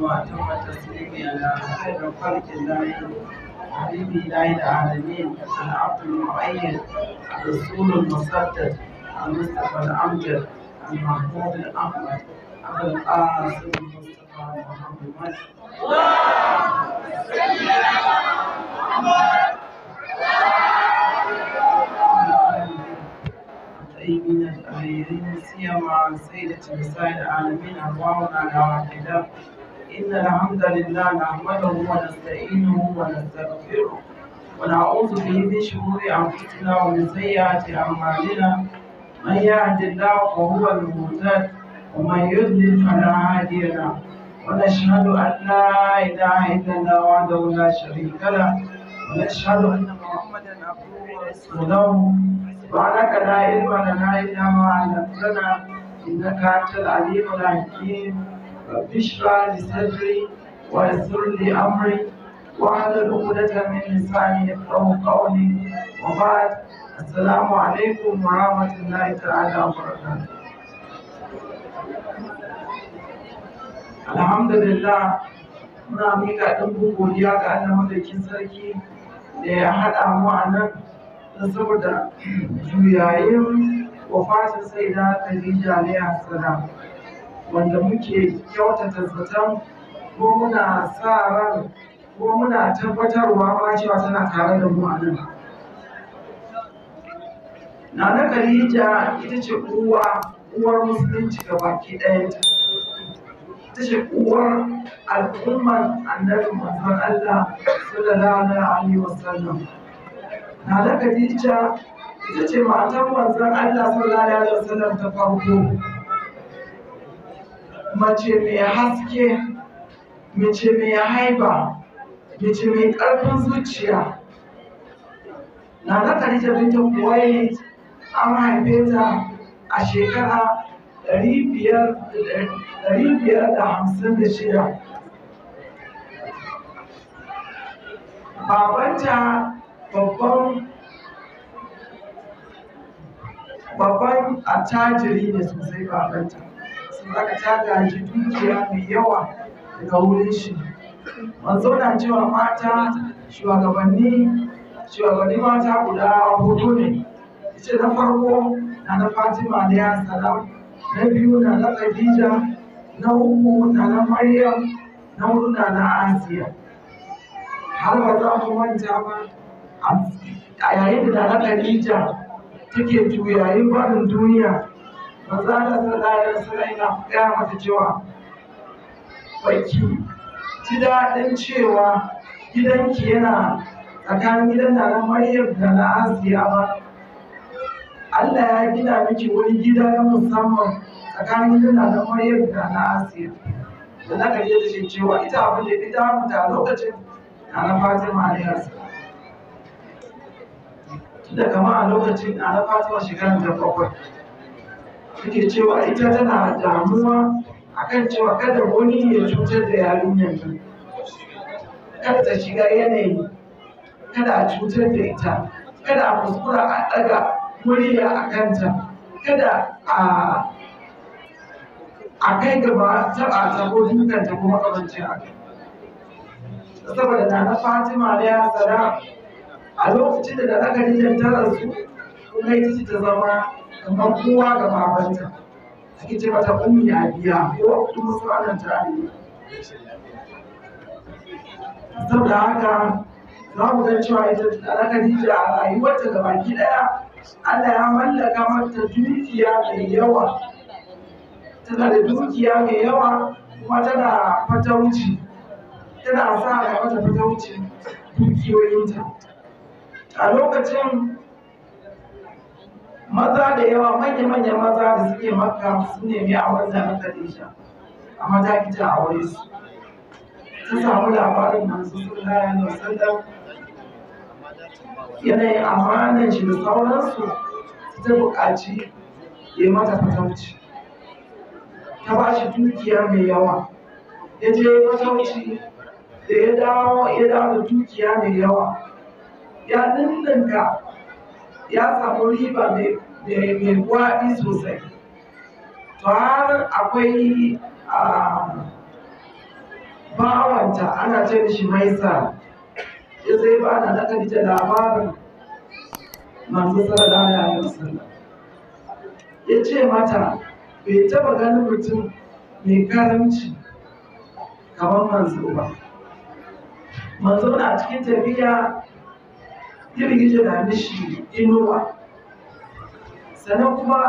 وأتم تسليمي على خير خلق الله حبيب إله العالمين العبد المؤيد الرسول المصدق المصطفى الأمجد المحبوب الأحمد أبو القاسم المصطفى محمد الطيبين الطاهرين سيما سيدة نساء العالمين أرواحنا على واحدة إن الحمد لله نحمده ونستعينه ونستغفره ونعوذ به من شرور أنفسنا ومن سيئات أعمالنا من يهد الله فهو المهتد ومن يضلل فلا هادي له ونشهد أن لا إله إلا الله وحده لا شريك له ونشهد أن محمدا عبده ورسوله سبحانك لا علم لنا إلا ما علمتنا إنك أنت العليم الحكيم رب اشرح لي صدري ويسر لي أمري واحلل عقدة من لساني يفقه قولي وبعد السلام عليكم ورحمة الله تعالى وبركاته الحمد لله muna miƙa ɗumbin godiya ga Allah madaukin sarki da ya haɗa mu a nan don saboda juyayin wafatin sai da Khadija alaihi salam wanda muke kyautata zaton ko muna sa ran ko muna tabbatarwa ma cewa tana tare da mu a nan Nana Khadija ita ce uwa uwar musulunci gabaki ɗayanta ita ce uwar al'ummar annabi manzon Allah sallallahu alaihi Na Nana Khadija ita ce matar manzon Allah sallallahu alaihi Sallam, ta farko mace mai haske mace mai haiba mace mai ƙarfin zuciya na na Khadija binta Kuwait an haife ta a shekara ɗari biyar da hamsin da shida babanta babban babban attajiri ne sosai babanta haka ta gaji dukiya mai yawa daga wurin shi manzo na cewa mata shugabanni shugabanni mata guda hudu ne ce na farko na na fatima da ya salam na biyu na na khadija na uku na na maryam na hudu na na asiya har ba za mu manta ba a yayin da na khadija take juyayin faɗin duniya manzo Allah sallallahu alaihi wasallam yana gaya mata cewa baki ji daɗin cewa gidanki yana tsakanin gidan nan Maryam da na Asiya ba Allah ya gina miki wani gida na musamman tsakanin gidan nan Maryam da na Asiya da na kaje da shi cewa ita abin da ita mutu a lokacin na na Fatima alaihi salam da kama a lokacin na na Fatima shekarar da bakwai take cewa ita tana damuwa akan cewa kada wani ya cutar da yarinyar nan kada ta shiga yanayi kada a cutar da ita kada a kuskura a ɗaga murya a kanta kada a a kai gaba taɓa ta ko dukanta kuma kamance a kai saboda na na fatima da ya tsara a lokacin da da aka rijanta su kuma ita ta zama kamar kowa ga babanta ake ce mata ummi a biya ko kuma su anan tare saboda haka za mu ga cewa ita alakadija a rayuwarta ga baki daya Allah ya mallaka mata dukiya mai yawa tana da dukiya mai yawa kuma tana fatauci tana sa ga mata fatauci dukiyoyinta a lokacin maza da yawa manya-manyan maza da suke maka su nemi auren da na Khadija amma ta ki a wuri su sun samu labarin masu sallallahu alaihi Yanayi yanayin amfanin shi da sauransu ta buƙaci ya mata fatauci ta ba shi dukiya mai yawa ya je fatauci da ya dawo ya da dukiya mai yawa ya dindinka ya samu riba mai gwaɗi sosai to har akwai ah, bawanta ana ce shi sa ya zai ba na na kalita labarin masu da ya sallah ya ce mata bai taba ganin mutum mai karamci kamar manzo ba manzo na cikin tafiya girgije na shi inuwa sannan kuma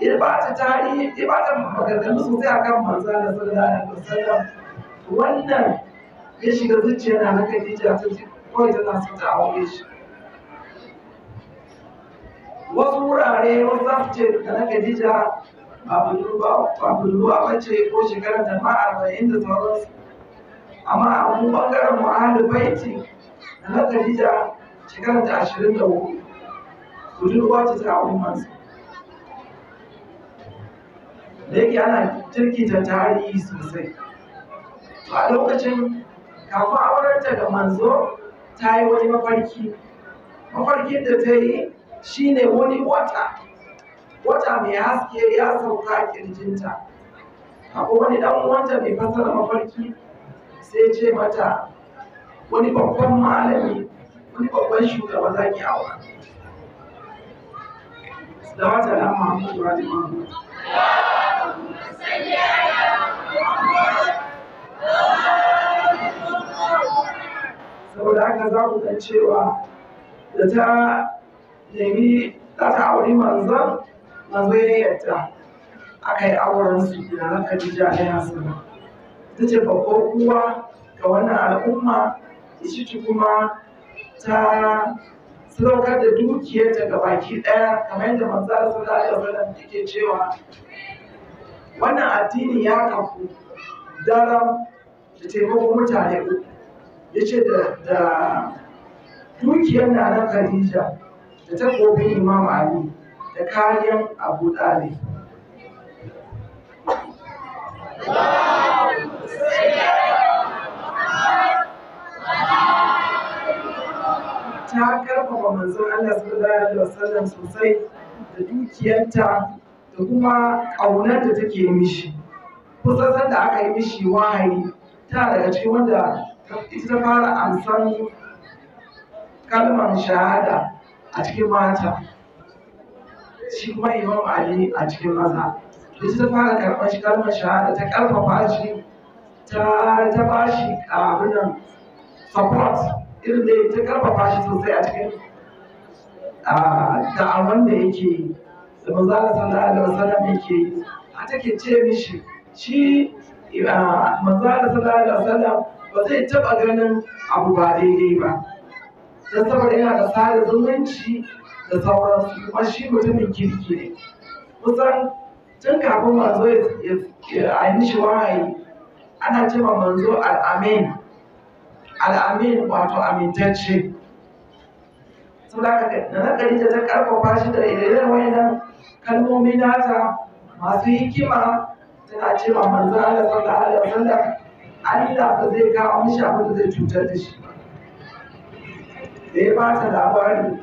ya ba tarihi ya ba ta maganganu sosai a kan manza da sallallahu alaihi wannan ya shiga zuciya na na Khadija ta ce kawai tana so ta aure shi wasu wurare wasu za su ce da na Khadija ba budurwa ba ce ko shekarar da ma arba'in da sauransu amma a mu bangaren mu ahalu baiti na da shekara ta ashirin da hudu budurwa ta ta ummansa da yake ana jirkita tarihi sosai a lokacin kafin aurenta da manzo ta yi wani mafarki mafarkin da ta yi shine wani wata wata mai haske ya sauka a kirjinta akwai wani dan uwanta mai fasara mafarki sai ce mata wani babban malami wani babban shugaba za ki hawa da wata da amma amma da wata saboda haka za ku ga cewa da ta nemi za ta auri manzan manzo ya yadda aka yi auren su da haka jija da yasa ta ce babban uwa ga wannan al'umma ita kuma ta sadaukar da dukiyarta ga baki ɗaya kamar yadda manzara su da aka zanen take cewa wannan addini ya kafu daram da taimakon mutane uku ya ce da dukiyar na na khadija da takobin imam ali da kariyar abu ɗalib ta karfafa manzon Allah sallallahu alaihi wasallam sosai da dukiyarta da kuma ƙaunar da take mishi kusan sanda aka yi mishi wahayi ta daga cikin wanda ita ta fara amsan kalmar shahada a cikin mata shi kuma imam ali a cikin maza ita ta fara karɓar shi kalmar shahada ta ƙarfafa shi ta ta bashi shi abinan support irin da ta karfafa shi sosai a cikin da'awan da yake yi da manzo Allah sallallahu alaihi wasallam yake yi har take ce mishi shi manzo Allah sallallahu alaihi wasallam ba zai taba ganin abu ba daidai ba don saboda yana da sada zumunci da sauransu kuma shi mutumin kirki ne kusan tun kafin manzo ya yi shi wahayi ana cewa manzo al'amin al'amin wato amintacce su da na Khadija ta karfafa shi da irin wayannan kalmomi nata masu hikima tana cewa manzo Allah sallallahu alaihi wasallam Allah ba zai kawo mishi abin da zai cutar da shi da ya ba ta labari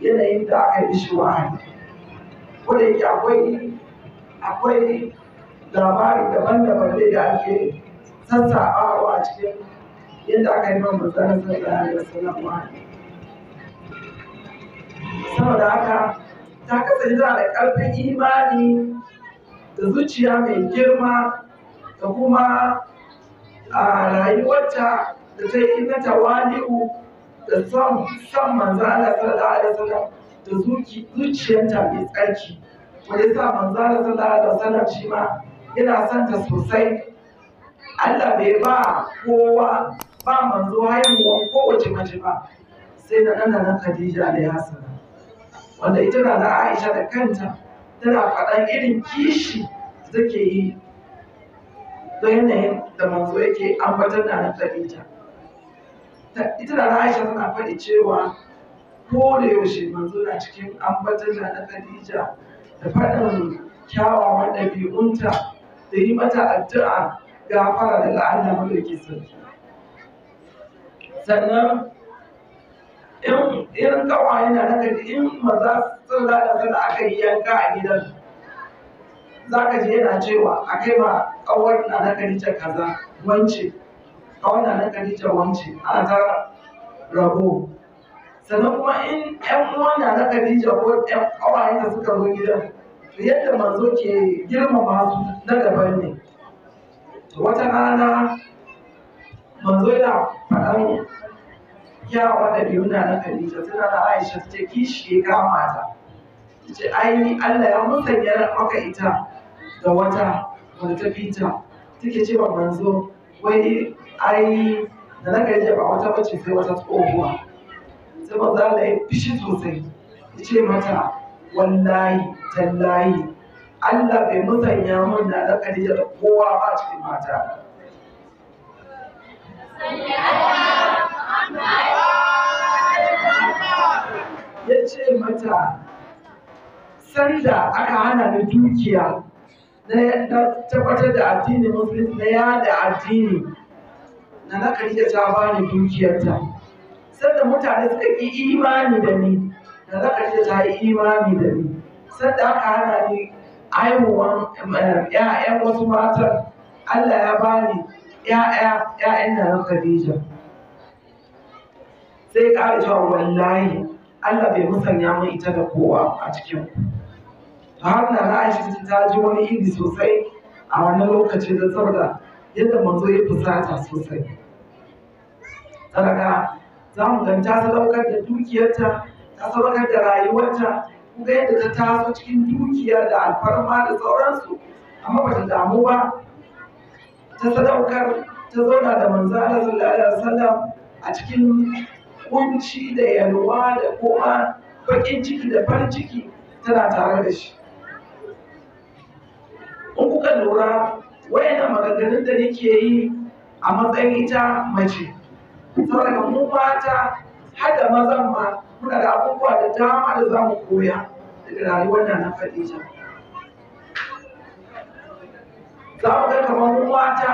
yanayin da aka yi shi wahayi ko da yake akwai akwai labari daban-daban da ake sassaɓawa a cikin yadda aka yi ma manzana sallallahu alaihi wasallam saboda haka ta kasance da ƙarfin imani da zuciya mai girma da kuma a rayuwarta da ta yi na tawali'u da son son manzana sallallahu alaihi wasallam da zuciyarta mai tsarki wanda ya sa manzana sallallahu alaihi wasallam shi ma yana son ta sosai Allah bai ba kowa ba manzo haihuwa kowace mace ba sai da ɗan nan Khadija da Yasana wanda ita na da Aisha da kanta tana faɗan irin kishi take yi don yanayin da manzo yake ambatar da na Khadija ita da Aisha tana faɗi cewa ko da yaushe manzo na cikin ambatar da na Khadija da faɗin kyawawan ɗabi'unta da yi mata addu'a gafara daga Allah mulki sarki sannan in kawaye na da in maza sun zada da aka yi yanka a gidan za ka ji yana cewa a kai ma kawai na da nice kaza wance kawai na naka nice wance ana ta rabo sannan kuma in ƴan uwa na da nice ko ƴan kawaye da suka zo gidan yadda manzo ke girmama su na daban ne wata rana manzo yana faɗan yawa da biyuna na na Khadija suna da Aisha ta ce kishi ya kama ta ce ai Allah ya musanya maka ita da wata wanda ta fita take cewa manzo wai ai da na Khadija ba wata bace sai wata tsohuwa sai manzo Allah ya fishi sosai ya ce mata wallahi tallahi Allah bai musanya mun da na Khadija da kowa ba cikin mata ya ce mata sanda aka hana ni dukiya na tabbatar da addini musulunci na yada addini na na karya ta bani dukiyarta sanda mutane suka ƙi imani da ni na na karya ta yi imani da ni sanda aka hana ni haihuwan 'ya'yan eh, wasu matan Allah ya bani 'ya'ya ƴaƴan na Khadija sai ƙara cewa wallahi Allah bai musanya mun ita da kowa a cikin ku har na Aisha ta ji wani iri sosai a wani lokaci da saboda yadda manzo ya fusata sosai daga za mu ga ta sadaukar da dukiyarta ta sadaukar da rayuwarta kuma yadda ta taso cikin dukiya da alfarma da sauransu amma bata damu ba ta sadaukar ta zauna da manzo Allah sallallahu alaihi wasallam a cikin kunci da yalwa da kuma bakin ciki da farin ciki tana tare da shi in kuka lura wayannan maganganun da nake yi a matsayin ita mace saboda mu mata har da mazan ma muna da abubuwa da dama da za mu koya daga rayuwar nan na faɗi ta." za mu ga kamar mata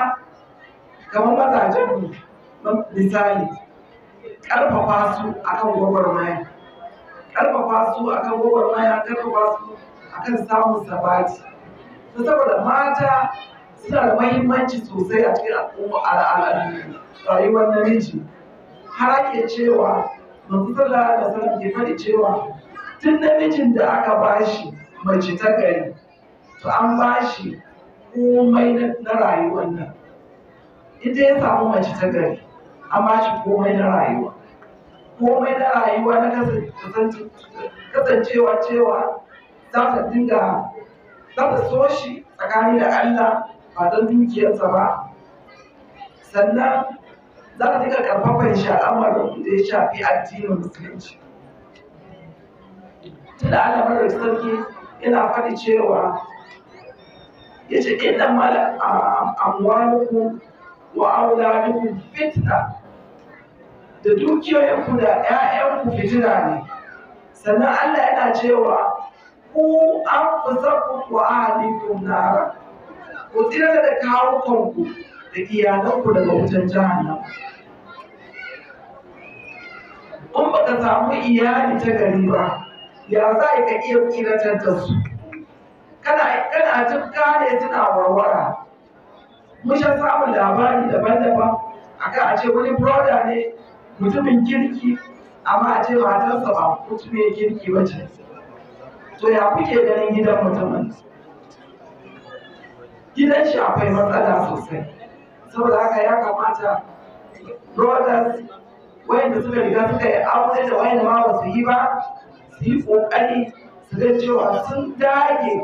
kamar mazajen mu misali ƙarfafa su a akan gwagwarmaya ƙarfafa su a akan gwagwarmaya ƙarfafa su kan samun sabati saboda mata suna da mahimmanci sosai a cikin al'umma al'adu rayuwar namiji har ake cewa manzo sallallahu alaihi wasallam ke faɗi cewa tun namijin da aka bashi mace ta gari to an bashi komai na rayuwar nan ita ya samu mace ta gari amma shi komai na rayuwa komai na rayuwa na kasancewa cewa za ta dinga za ta so shi tsakani da Allah ba don dukiyarsa ba sannan za ta dinga karfafan shi al'amarin da ya shafi addinin musulunci da Allah marar sarki yana faɗi cewa ya ce inna mala amwalukum wa auladukum fitna da ku da 'ya'yanku fitina ne sannan Allah yana cewa ku ku ku ahlikum nara ku tsira da kawukanku da ku daga wutar jahannam in baka samu iyali ta gari ba ya za ka iya tsiratar da su tana warwara mun sha samun labari daban-daban akan a ce wani broda ne mutumin kirki amma a ce matarsa ba mutumin kirki ba ce to ya kuke ganin gidan mutumin gidan shi akwai matsala sosai saboda haka ya kamata brothers wayanda suka riga suka yi aure da wayanda ma ba su yi ba su yi kokari su ga cewa sun dage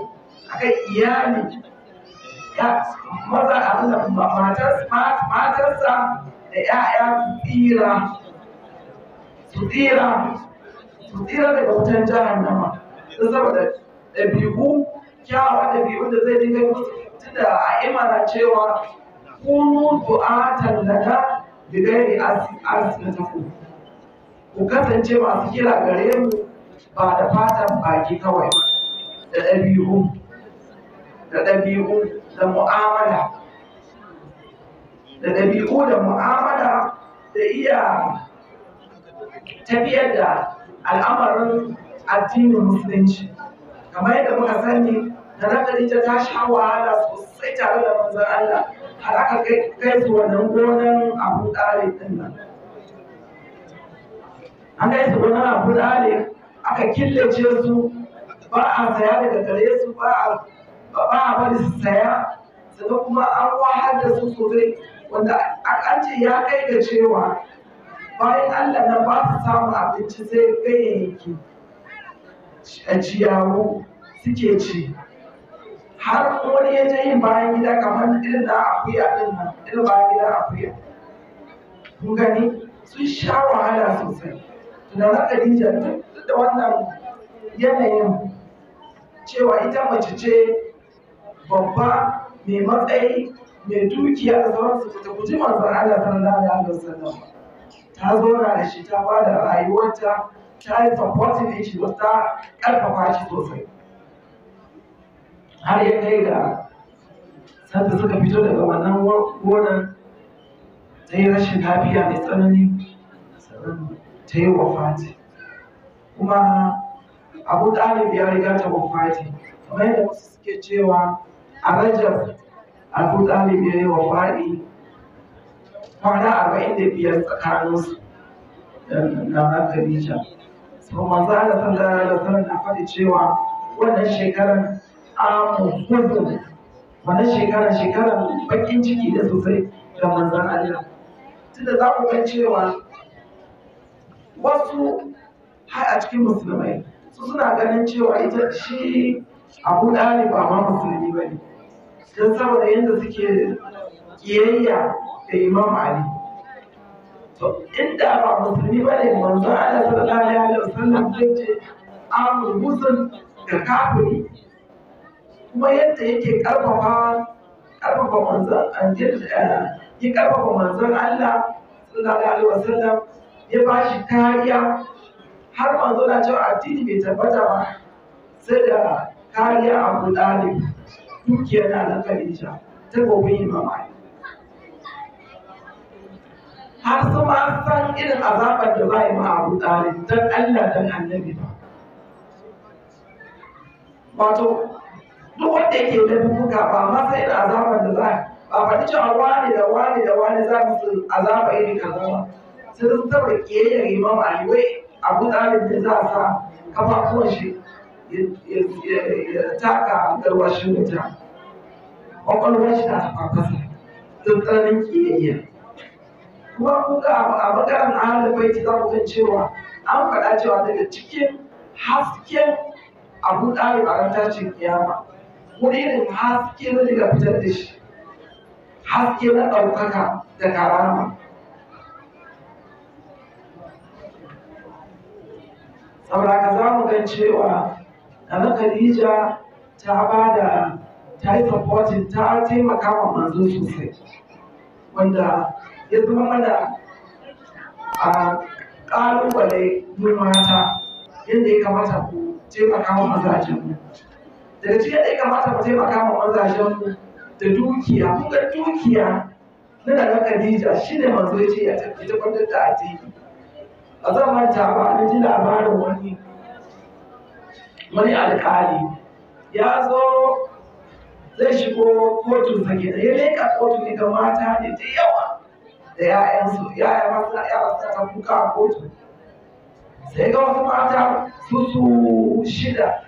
akan iyali ya maza abin da matarsa da ‘ya'ya su tsira su tsira su tsira daga wutan ta don saboda ɗabi'u kyawawan ɗabi'u da zai dinga musu da a imana cewa kunu du'atan lana bi gairi asinatakum ku kasance masu kira gare mu ba da fatan baki kawai ba da ɗabi'u da ɗabi'u da mu'amala da ɗabi'u da mu'amala da iya tafiyar da al'amarin addinin musulunci kamar yadda muka sani da nakari ta ta sha wahala sosai tare da manzan Allah har aka kai su wannan gonan Abu Talib din nan an kai su gonan Abu Talib aka killace su ba a saya daga gare su ba a ba a bari su saya sannan kuma an wahar da su sosai wanda an ce ya kai ga cewa bayan Allah na ba su samun abinci sai ganyayyaki a ciyawo suke ci har wani ya yin bayan gida kamar irin na akuya din nan irin bayan gida akuya kun gani sun sha wahala sosai na na Khadija duk da wannan yanayin cewa ita mace ce babba mai matsayi mai dukiya da sauransu ta guji manzon Allah sallallahu alaihi wasallam ta zauna da shi ta ba da rayuwarta ta yi supporting da shi ta karfafa shi sosai har ya kai da sanda suka fito daga wannan gonan ta yi rashin lafiya mai tsanani ta yi wafati kuma abu biyar ya riga ta wafati kamar yadda wasu suke cewa a rajab abu talib ya yi wa faɗi kwana arba'in da biyar tsakanin da na khadija to manzo san sallallahu alaihi wasallam na faɗi cewa wannan shekarar amu hudu wannan shekarar shekarar bakin ciki da sosai ga manzan Allah da za ku ga cewa wasu har a cikin musulmai su suna ganin cewa ita shi abu ɗali ba ma musulmi ba ne don saboda yadda suke kiyayya da imam ali to inda ba musulmi ba ne manzo Allah sallallahu alaihi wasallam zai ce amur musul da kafiri kuma yadda yake karfafa karfafa manzon ya eh, karfafa manzo Allah sallallahu alaihi wasallam ya ba shi kariya har manzo na cewa addini bai tabbata ba sai da kariya Abu Talib dukiyar da Allah ka rinja ta gobe imama har su ma san irin azabar da za a yi ma a tsarin don Allah don annabi ba wato duk wanda yake da buga ba masa irin azabar da za a yi, ba faɗi cewa wani da wani da wani za su azaba irin kaza ba sai sun saboda kiyayyar imam aliwai abu tsarin da za a sa kafafuwan shi ya taka garwashin wuta kwakwalwar shi na tafafasa don kiyayya kuma kuka a maganar ahalin baiti za ku san cewa an faɗa cewa daga cikin hasken abu ɗalib a ran tashin kiyama wani irin haske na daga fitar da shi haske na ɗaukaka da karama saboda ka za mu gan cewa Ana Khadija ta bada ta yi supporting ta taimaka wa manzo sosai wanda ya zama mana a ƙalubale mu mata yadda ya kamata ku taimaka wa mu. Daga cikin yadda ya kamata ku taimaka wa mu da dukiya, mun ga dukiya na da Khadija shi ne manzo ya ce ya tafi kwantar da addini. A zan ba, na ji labarin wani wani alƙali ya zo zai shigo kotun sa da ya leka kotun ita mata ne da yawa da ‘ya'yansu ‘ya'ya masu ‘ya'ya ta kuka a kotu sai ga wasu mata su su shida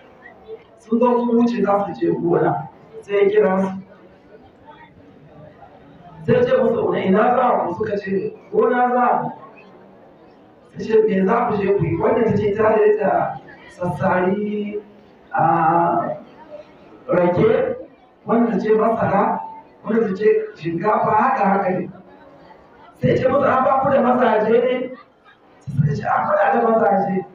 sun zo su wuce za su je gona sai ya kira su sai ce musu wani ina za ku suka ce gona za mu ta ce me za ku je ku yi wannan ta ce ta da sassari a rake wanda ce masara wanda ce shinkafa haka haka ne sai ce masara ba ku da mazaje ne Sai ce an faɗa da mazaje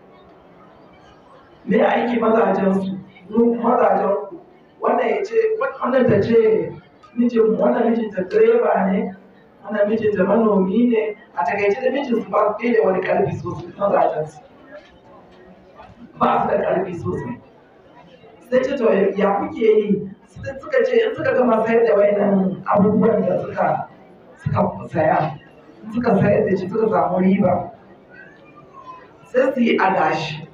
me aiki mazajen su mu mazajen ku wannan ya ce wannan ta ce mijin wannan mijin ta direba ne wannan mijin ta manomi ne a takaice da mijin su ba su da wani karfi sosai mazajen su ba su da ƙarfi sosai sai ce to ya kuke yi suka ce in suka gama sayar da wayannan abubuwan da suka suka saya suka sayar da shi suka samu riba sai su yi adashi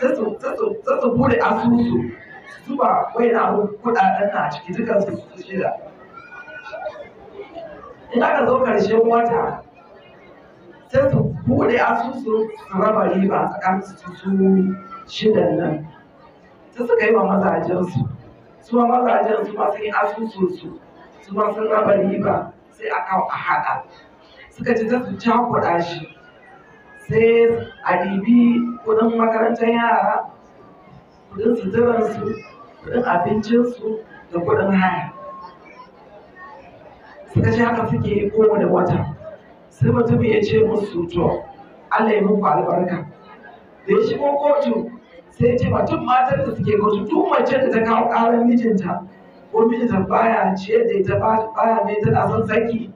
sai su bude asusu zuba wayannan abubuwan kuɗaɗen na ciki dukan su shida in aka zo ƙarshen wata sai su bude asusu su raba riba tsakanin su shidan nan su suka yi wa mazajensu su ma mazajensu ma sun yi asusunsu su ma sun raba riba sai a kawo a haɗa suka ci ta su cakuɗa shi sai a ɗibi kuɗin makarantar yara kuɗin suturansu kuɗin abincinsu da kuɗin haya suka ce haka suke yi da wata sai mutum ya ce musu to Allah ya muku albarka da ya shigo kotu sai ce ba duk matan da suke kotu duk mace da ta kawo karar mijinta ko mijinta baya ciyar da ita baya mai tana son saki